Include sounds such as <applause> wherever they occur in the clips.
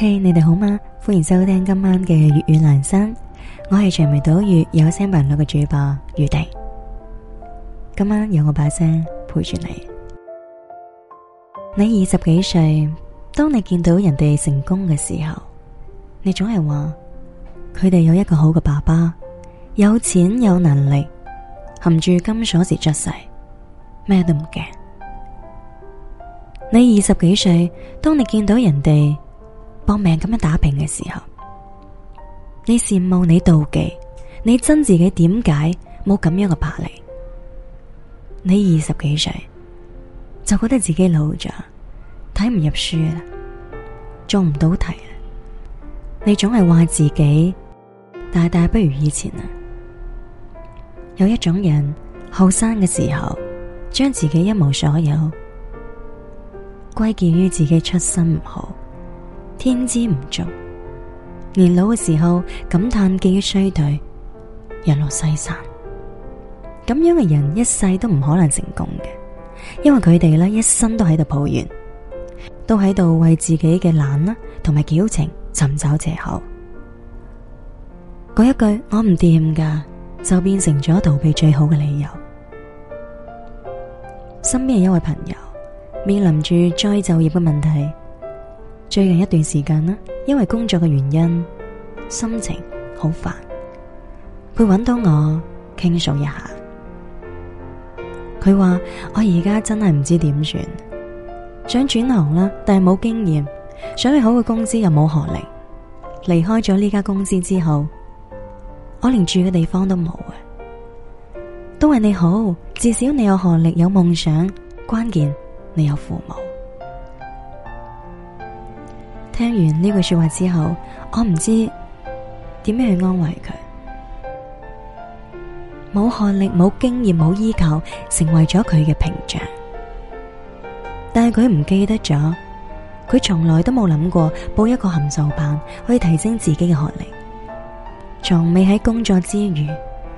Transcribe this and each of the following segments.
嘿，hey，你哋好嗎？歡迎收聽今晚嘅粵語男生，我係長眉島嶼有聲頻道嘅主播余定。今晚有我把聲陪住你。你二十幾歲，當你見到人哋成功嘅時候，你總係話佢哋有一個好嘅爸爸，有錢有能力，含住金鎖匙出世，咩都唔驚。你二十幾歲，當你見到人哋搏命咁樣打拼嘅時候，你羨慕，你妒忌，你憎自己，點解冇咁樣嘅魄力？你二十幾歲就覺得自己老咗，睇唔入書啦，做唔到題啦，你總係話自己大大不如以前啊！有一種人後生嘅時候，將自己一無所有歸結於自己出身唔好。天資唔足，年老嘅時候感嘆記憶衰退，日落西山，咁樣嘅人一世都唔可能成功嘅，因為佢哋咧一生都喺度抱怨，都喺度為自己嘅懶啦同埋矯情尋找借口，嗰一句我唔掂噶，就變成咗逃避最好嘅理由。身邊嘅一位朋友面臨住再就業嘅問題。最近一段時間啦，因為工作嘅原因，心情好煩，佢揾到我傾訴一下。佢話我而家真係唔知點算，想轉行啦，但係冇經驗，想去好嘅公司又冇學歷。離開咗呢家公司之後，我連住嘅地方都冇啊！都為你好，至少你有學歷，有夢想，關鍵你有父母。聽完呢句說話之後，我唔知點樣去安慰佢。冇學歷、冇經驗、冇依靠，成為咗佢嘅屏障。但係佢唔記得咗，佢從來都冇諗過報一個函授班可以提升自己嘅學歷，從未喺工作之餘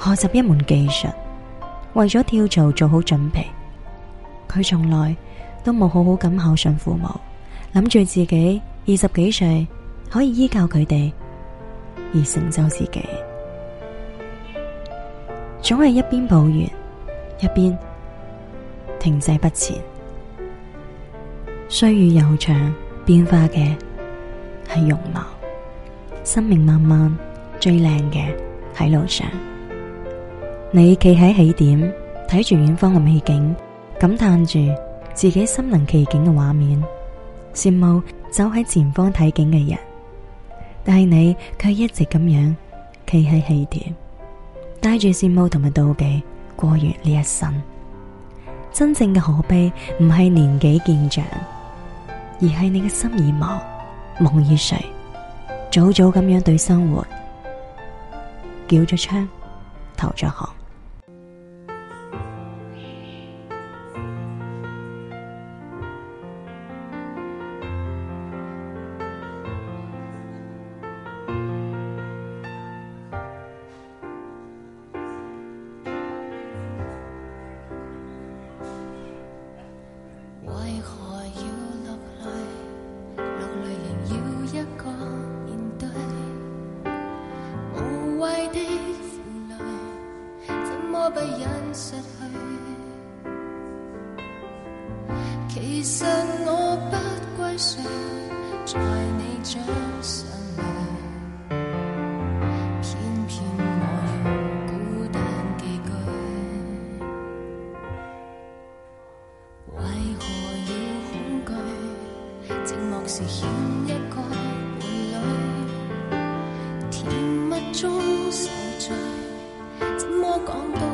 學習一門技術，為咗跳槽做好準備。佢從來都冇好好咁孝順父母，諗住自己。二十幾歲可以依靠佢哋而成就自己，總係一邊抱怨一邊停滯不前。歲月悠長，變化嘅係容貌，生命漫漫，最靚嘅喺路上。你企喺起點，睇住遠方嘅美景，感嘆住自己身臨其境嘅畫面，羨慕。走喺前方睇景嘅人，但係你卻一直咁樣企喺起點，帶住羨慕同埋妒忌過完呢一生。真正嘅可悲，唔係年紀見長，而係你嘅心已忘，夢已碎，早早咁樣對生活繳咗槍，投咗降。不忍失去，其實我不歸誰在你掌心裏，偏偏我越孤單寄居。為何要恐懼？寂寞時欠一個伴侶，甜蜜中受罪，怎麼講都？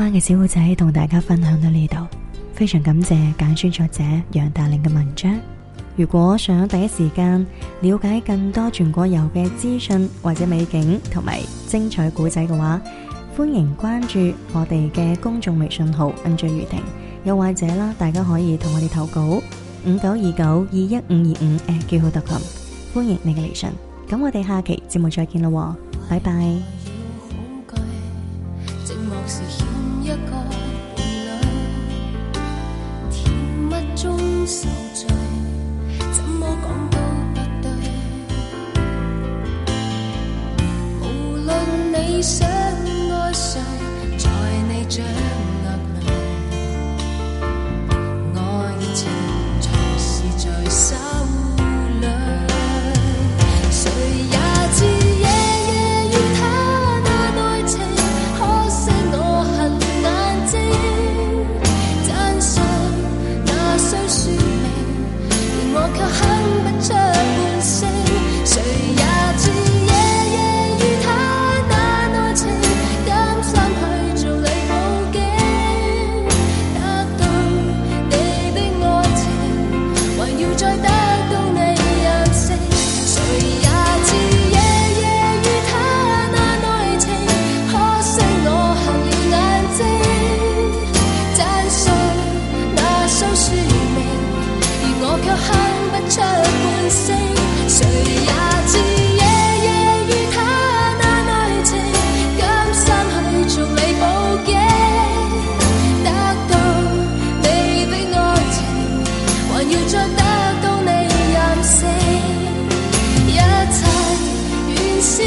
今晚嘅小故仔同大家分享到呢度，非常感謝簡書作者楊大玲嘅文章。如果想第一時間了解更多全國遊嘅資訊或者美景同埋精彩古仔嘅話，歡迎關注我哋嘅公眾微信號 enjoy 雨婷，又或者啦，大家可以同我哋投稿五九二九二一五二五誒，叫號特琴， <laughs> 歡迎你嘅嚟信。咁我哋下期節目再見咯，拜拜。一個伴侶，甜蜜中受罪，怎麼講都不對。無論你想。